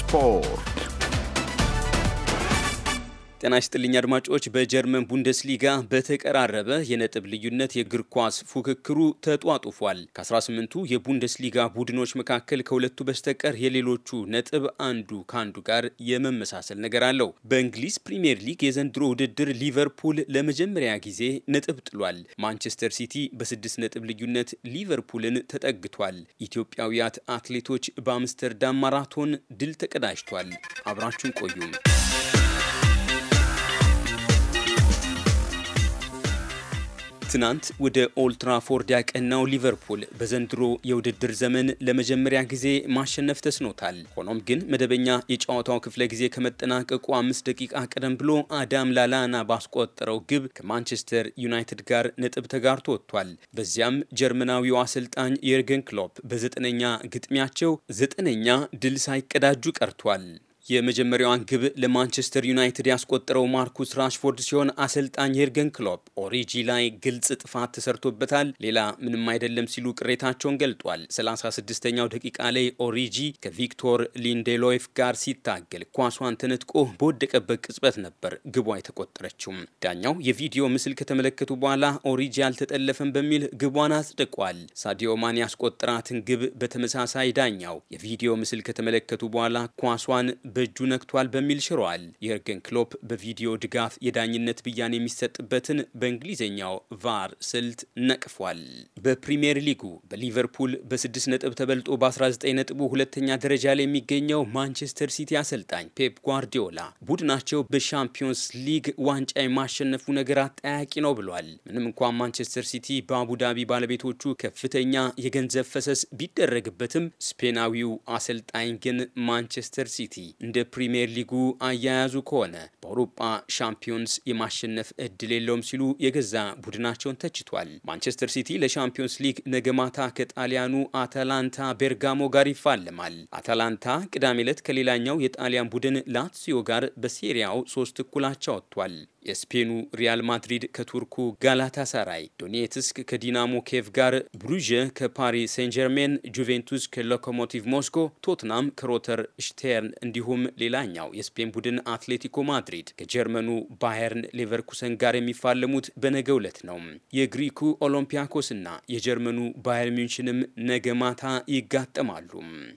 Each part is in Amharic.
spor. ጤና ይስጥልኝ አድማጮች። በጀርመን ቡንደስሊጋ በተቀራረበ የነጥብ ልዩነት የእግር ኳስ ፉክክሩ ተጧጡፏል። ከ18ቱ የቡንደስሊጋ ቡድኖች መካከል ከሁለቱ በስተቀር የሌሎቹ ነጥብ አንዱ ከአንዱ ጋር የመመሳሰል ነገር አለው። በእንግሊዝ ፕሪምየር ሊግ የዘንድሮ ውድድር ሊቨርፑል ለመጀመሪያ ጊዜ ነጥብ ጥሏል። ማንቸስተር ሲቲ በስድስት ነጥብ ልዩነት ሊቨርፑልን ተጠግቷል። ኢትዮጵያውያት አትሌቶች በአምስተርዳም ማራቶን ድል ተቀዳጅቷል። አብራችን ቆዩም ትናንት ወደ ኦልትራፎርድ ያቀናው ሊቨርፑል በዘንድሮ የውድድር ዘመን ለመጀመሪያ ጊዜ ማሸነፍ ተስኖታል። ሆኖም ግን መደበኛ የጨዋታው ክፍለ ጊዜ ከመጠናቀቁ አምስት ደቂቃ ቀደም ብሎ አዳም ላላና ባስቆጠረው ግብ ከማንቸስተር ዩናይትድ ጋር ነጥብ ተጋርቶ ወጥቷል። በዚያም ጀርመናዊው አሰልጣኝ የርገን ክሎፕ በዘጠነኛ ግጥሚያቸው ዘጠነኛ ድል ሳይቀዳጁ ቀርቷል። የመጀመሪያዋን ግብ ለማንቸስተር ዩናይትድ ያስቆጠረው ማርኩስ ራሽፎርድ ሲሆን አሰልጣኝ የርገን ክሎፕ ኦሪጂ ላይ ግልጽ ጥፋት ተሰርቶበታል፣ ሌላ ምንም አይደለም ሲሉ ቅሬታቸውን ገልጧል። 36ኛው ደቂቃ ላይ ኦሪጂ ከቪክቶር ሊንዴሎይፍ ጋር ሲታገል ኳሷን ተነጥቆ በወደቀበት ቅጽበት ነበር ግቧ አይተቆጠረችውም። ዳኛው የቪዲዮ ምስል ከተመለከቱ በኋላ ኦሪጂ አልተጠለፈም በሚል ግቧን አጽድቋል። ሳዲዮ ማን ያስቆጠራትን ግብ በተመሳሳይ ዳኛው የቪዲዮ ምስል ከተመለከቱ በኋላ ኳሷን በእጁ ነክቷል በሚል ሽሯል። የርገን ክሎፕ በቪዲዮ ድጋፍ የዳኝነት ብያን የሚሰጥበትን በእንግሊዝኛው ቫር ስልት ነቅፏል። በፕሪምየር ሊጉ በሊቨርፑል በ6 ነጥብ ተበልጦ በ19 ነጥቡ ሁለተኛ ደረጃ ላይ የሚገኘው ማንቸስተር ሲቲ አሰልጣኝ ፔፕ ጓርዲዮላ ቡድናቸው በሻምፒዮንስ ሊግ ዋንጫ የማሸነፉ ነገር አጠያቂ ነው ብሏል። ምንም እንኳን ማንቸስተር ሲቲ በአቡዳቢ ባለቤቶቹ ከፍተኛ የገንዘብ ፈሰስ ቢደረግበትም ስፔናዊው አሰልጣኝ ግን ማንቸስተር ሲቲ እንደ ፕሪምየር ሊጉ አያያዙ ከሆነ በአውሮፓ ሻምፒዮንስ የማሸነፍ እድል የለውም ሲሉ የገዛ ቡድናቸውን ተችቷል። ማንቸስተር ሲቲ ለሻምፒዮንስ ሊግ ነገ ማታ ከጣሊያኑ አታላንታ ቤርጋሞ ጋር ይፋለማል። አታላንታ ቅዳሜ ዕለት ከሌላኛው የጣሊያን ቡድን ላትሲዮ ጋር በሴሪያው ሶስት እኩል ወጥቷል። የስፔኑ ሪያል ማድሪድ ከቱርኩ ጋላታ ሳራይ፣ ዶኔትስክ ከዲናሞ ኬቭ ጋር፣ ብሩዥ ከፓሪ ሴንጀርሜን፣ ጁቬንቱስ ከሎኮሞቲቭ ሞስኮ፣ ቶትናም ከሮተር ሽቴርን እንዲሁ እንዲሁም ሌላኛው የስፔን ቡድን አትሌቲኮ ማድሪድ ከጀርመኑ ባየርን ሌቨርኩሰን ጋር የሚፋለሙት በነገ ዕለት ነው። የግሪኩ ኦሎምፒያኮስና የጀርመኑ ባየር ሚንሽንም ነገ ማታ ይጋጠማሉ።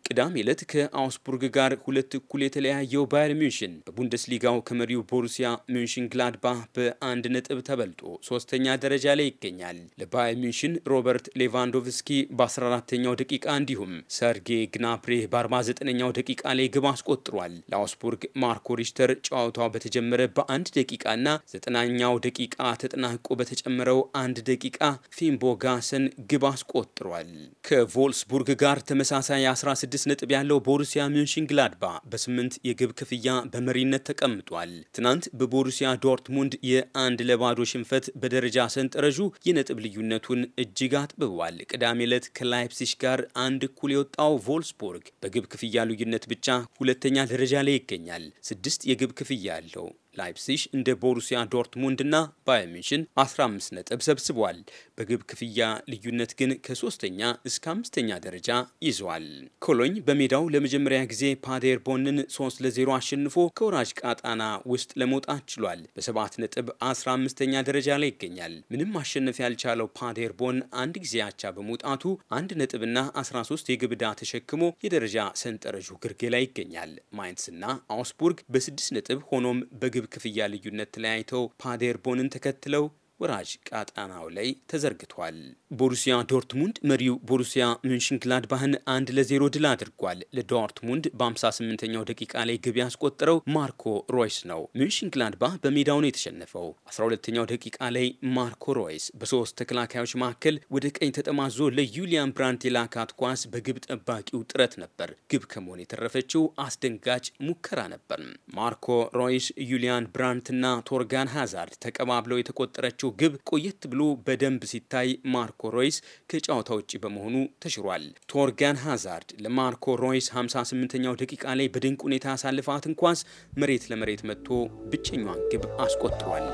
ቅዳሜ ዕለት ከአውስቡርግ ጋር ሁለት እኩል የተለያየው ባየር ሚንሽን በቡንደስሊጋው ከመሪው ቦሩሲያ ሚንሽን ግላድባ በአንድ ነጥብ ተበልጦ ሶስተኛ ደረጃ ላይ ይገኛል። ለባየር ሚንሽን ሮበርት ሌቫንዶቭስኪ በ14ኛው ደቂቃ እንዲሁም ሰርጌ ግናፕሬ በ49ኛው ደቂቃ ላይ ግብ አስቆጥሯል። ተደርጓል። ለአውስቡርግ ማርኮ ሪሽተር ጨዋታው በተጀመረ በአንድ ደቂቃና ዘጠናኛው ደቂቃ ተጠናቆ በተጨመረው አንድ ደቂቃ ፊምቦ ጋሰን ግብ አስቆጥሯል። ከቮልስቡርግ ጋር ተመሳሳይ 16 ነጥብ ያለው ቦሩሲያ ሚንሽን ግላድባ በስምንት የግብ ክፍያ በመሪነት ተቀምጧል። ትናንት በቦሩሲያ ዶርትሙንድ የአንድ ለባዶ ሽንፈት በደረጃ ሰንጠረዡ የነጥብ ልዩነቱን እጅግ አጥብቧል። ቅዳሜ ዕለት ከላይፕሲሽ ጋር አንድ እኩል የወጣው ቮልስቡርግ በግብ ክፍያ ልዩነት ብቻ ሁለተኛ ደረጃ ላይ ይገኛል። ስድስት የግብ ክፍያ አለው። ላይፕሲሽ እንደ ቦሩሲያ ዶርትሙንድ ባየር ሚንሽን 15 ነጥብ ሰብስቧል። በግብ ክፍያ ልዩነት ግን ከሶስተኛ እስከ አምስተኛ ደረጃ ይዟል። ኮሎኝ በሜዳው ለመጀመሪያ ጊዜ ፓዴርቦንን 3 ለ0 አሸንፎ ከወራጅ ቃጣና ውስጥ ለመውጣት ችሏል። በ7 ነጥብ 15ኛ ደረጃ ላይ ይገኛል። ምንም ማሸነፍ ያልቻለው ፓዴርቦን አንድ ጊዜ አቻ በመውጣቱ አንድ ነጥብና 13 የግብ ዕዳ ተሸክሞ የደረጃ ሰንጠረዡ ግርጌ ላይ ይገኛል። ማይንስና አውስቡርግ በ6 ነጥብ ሆኖም በግብ የምግብ ክፍያ ልዩነት ተለያይቶ ፓዴርቦንን ተከትለው ወራጅ ቀጣናው ላይ ተዘርግቷል። ቦሩሲያ ዶርትሙንድ መሪው ቦሩሲያ ሚንሽንግላድ ባህን አንድ ለዜሮ ድል አድርጓል። ለዶርትሙንድ በ58ኛው ደቂቃ ላይ ግብ ያስቆጠረው ማርኮ ሮይስ ነው። ሚንሽንግላድ ባህ በሜዳው ነው የተሸነፈው። 12ኛው ደቂቃ ላይ ማርኮ ሮይስ በሶስት ተከላካዮች መካከል ወደ ቀኝ ተጠማዞ ለዩሊያን ብራንት የላካት ኳስ በግብ ጠባቂው ጥረት ነበር ግብ ከመሆን የተረፈችው። አስደንጋጭ ሙከራ ነበር። ማርኮ ሮይስ፣ ዩሊያን ብራንትና ቶርጋን ሃዛርድ ተቀባብለው የተቆጠረችው ግብ ቆየት ብሎ በደንብ ሲታይ ማርኮ ማርኮ ሮይስ ከጨዋታ ውጪ በመሆኑ ተሽሯል። ቶርጋን ሃዛርድ ለማርኮ ሮይስ 58ኛው ደቂቃ ላይ በድንቅ ሁኔታ ያሳልፋትን ኳስ መሬት ለመሬት መጥቶ ብቸኛዋን ግብ አስቆጥሯል።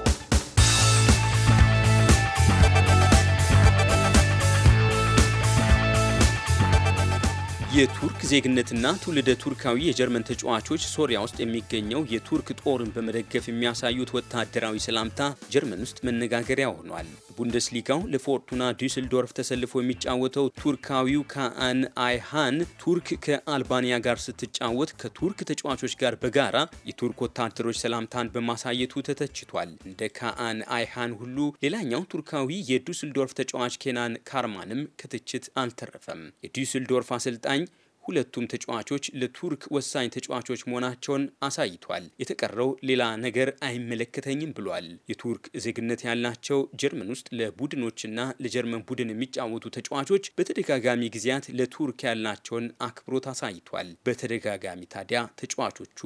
የቱርክ ዜግነትና ትውልደ ቱርካዊ የጀርመን ተጫዋቾች ሶሪያ ውስጥ የሚገኘው የቱርክ ጦርን በመደገፍ የሚያሳዩት ወታደራዊ ሰላምታ ጀርመን ውስጥ መነጋገሪያ ሆኗል። ቡንደስሊጋው ለፎርቱና ዱስልዶርፍ ተሰልፎ የሚጫወተው ቱርካዊው ካአን አይሃን ቱርክ ከአልባኒያ ጋር ስትጫወት ከቱርክ ተጫዋቾች ጋር በጋራ የቱርክ ወታደሮች ሰላምታን በማሳየቱ ተተችቷል። እንደ ካአን አይሃን ሁሉ ሌላኛው ቱርካዊ የዱስልዶርፍ ተጫዋች ኬናን ካርማንም ከትችት አልተረፈም። የዱስልዶርፍ አሰልጣኝ ሁለቱም ተጫዋቾች ለቱርክ ወሳኝ ተጫዋቾች መሆናቸውን አሳይቷል። የተቀረው ሌላ ነገር አይመለከተኝም ብሏል። የቱርክ ዜግነት ያላቸው ጀርመን ውስጥ ለቡድኖችና ለጀርመን ቡድን የሚጫወቱ ተጫዋቾች በተደጋጋሚ ጊዜያት ለቱርክ ያላቸውን አክብሮት አሳይቷል። በተደጋጋሚ ታዲያ ተጫዋቾቹ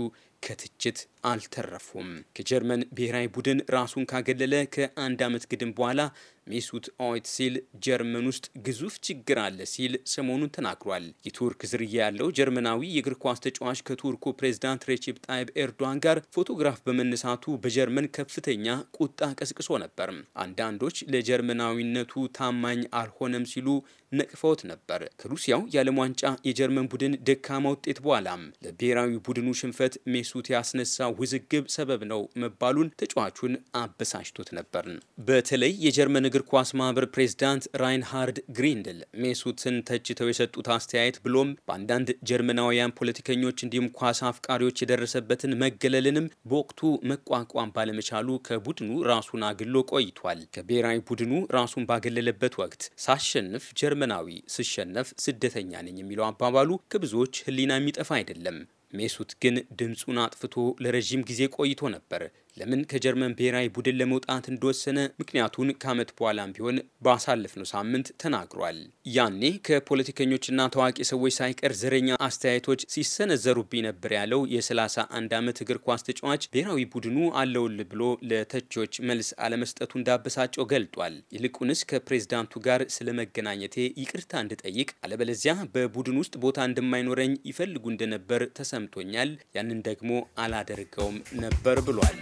ከትችት አልተረፉም። ከጀርመን ብሔራዊ ቡድን ራሱን ካገለለ ከአንድ ዓመት ግድም በኋላ ሚሱት ኦይትሲል ጀርመን ውስጥ ግዙፍ ችግር አለ ሲል ሰሞኑን ተናግሯል። የቱርክ ዝርያ ያለው ጀርመናዊ የእግር ኳስ ተጫዋች ከቱርኩ ፕሬዝዳንት ሬቺፕ ጣይብ ኤርዶዋን ጋር ፎቶግራፍ በመነሳቱ በጀርመን ከፍተኛ ቁጣ ቀስቅሶ ነበር። አንዳንዶች ለጀርመናዊነቱ ታማኝ አልሆነም ሲሉ ነቅፈውት ነበር። ከሩሲያው የዓለም ዋንጫ የጀርመን ቡድን ደካማ ውጤት በኋላም ለብሔራዊ ቡድኑ ሽንፈት ሜሱት ያስነሳ ውዝግብ ሰበብ ነው መባሉን ተጫዋቹን አበሳጭቶት ነበር። በተለይ የጀርመን የእግር ኳስ ማህበር ፕሬዝዳንት ራይንሃርድ ግሪንድል ሜሱትን ተችተው የሰጡት አስተያየት ብሎም በአንዳንድ ጀርመናውያን ፖለቲከኞች እንዲሁም ኳስ አፍቃሪዎች የደረሰበትን መገለልንም በወቅቱ መቋቋም ባለመቻሉ ከቡድኑ ራሱን አግሎ ቆይቷል። ከብሔራዊ ቡድኑ ራሱን ባገለለበት ወቅት ሳሸንፍ ጀርመናዊ፣ ስሸነፍ ስደተኛ ነኝ የሚለው አባባሉ ከብዙዎች ሕሊና የሚጠፋ አይደለም። ሜሱት ግን ድምፁን አጥፍቶ ለረዥም ጊዜ ቆይቶ ነበር። ለምን ከጀርመን ብሔራዊ ቡድን ለመውጣት እንደወሰነ ምክንያቱን ከዓመት በኋላም ቢሆን ባሳለፍነው ሳምንት ተናግሯል። ያኔ ከፖለቲከኞችና ታዋቂ ሰዎች ሳይቀር ዘረኛ አስተያየቶች ሲሰነዘሩብኝ ነበር ያለው የ31 ዓመት እግር ኳስ ተጫዋች ብሔራዊ ቡድኑ አለውል ብሎ ለተቺዎች መልስ አለመስጠቱ እንዳበሳጨው ገልጧል። ይልቁንስ ከፕሬዝዳንቱ ጋር ስለ መገናኘቴ ይቅርታ እንድጠይቅ አለበለዚያ በቡድን ውስጥ ቦታ እንደማይኖረኝ ይፈልጉ እንደነበር ተሰማ ተሰምቶኛል። ያንን ደግሞ አላደርገውም ነበር ብሏል።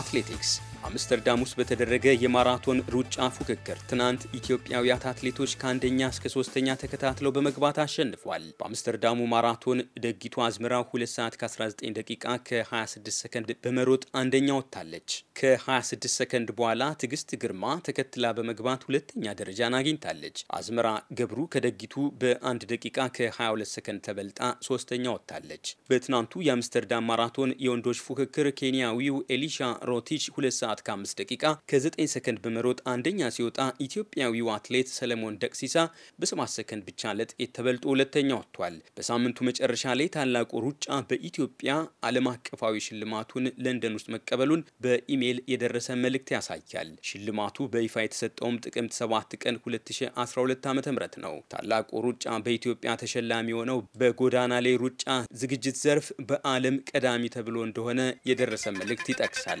አትሌቲክስ አምስተርዳም ውስጥ በተደረገ የማራቶን ሩጫ ፉክክር ትናንት ኢትዮጵያውያት አትሌቶች ከአንደኛ እስከ ሶስተኛ ተከታትለው በመግባት አሸንፏል። በአምስተርዳሙ ማራቶን ደጊቱ አዝመራው 2 ሰዓት ከ19 ደቂቃ ከ26 ሰከንድ በመሮጥ አንደኛ ወጥታለች። ከ26 ሰከንድ በኋላ ትዕግስት ግርማ ተከትላ በመግባት ሁለተኛ ደረጃን አግኝታለች። አዝመራ ገብሩ ከደጊቱ በ1 ደቂቃ ከ22 ሰከንድ ተበልጣ ሶስተኛ ወጥታለች። በትናንቱ የአምስተርዳም ማራቶን የወንዶች ፉክክር ኬንያዊው ኤሊሻ ሮቲች 2 ሰዓት ከ5 ደቂቃ ከ9 ሰከንድ በመሮጥ አንደኛ ሲወጣ ኢትዮጵያዊው አትሌት ሰለሞን ደቅሲሳ በ7 ሰከንድ ብቻ ለጥቂት ተበልጦ ሁለተኛ ወጥቷል። በሳምንቱ መጨረሻ ላይ ታላቁ ሩጫ በኢትዮጵያ ዓለም አቀፋዊ ሽልማቱን ለንደን ውስጥ መቀበሉን በኢሜይል የደረሰ መልእክት ያሳያል። ሽልማቱ በይፋ የተሰጠውም ጥቅምት 7 ቀን 2012 ዓ ም ነው። ታላቁ ሩጫ በኢትዮጵያ ተሸላሚ የሆነው በጎዳና ላይ ሩጫ ዝግጅት ዘርፍ በዓለም ቀዳሚ ተብሎ እንደሆነ የደረሰ መልእክት ይጠቅሳል።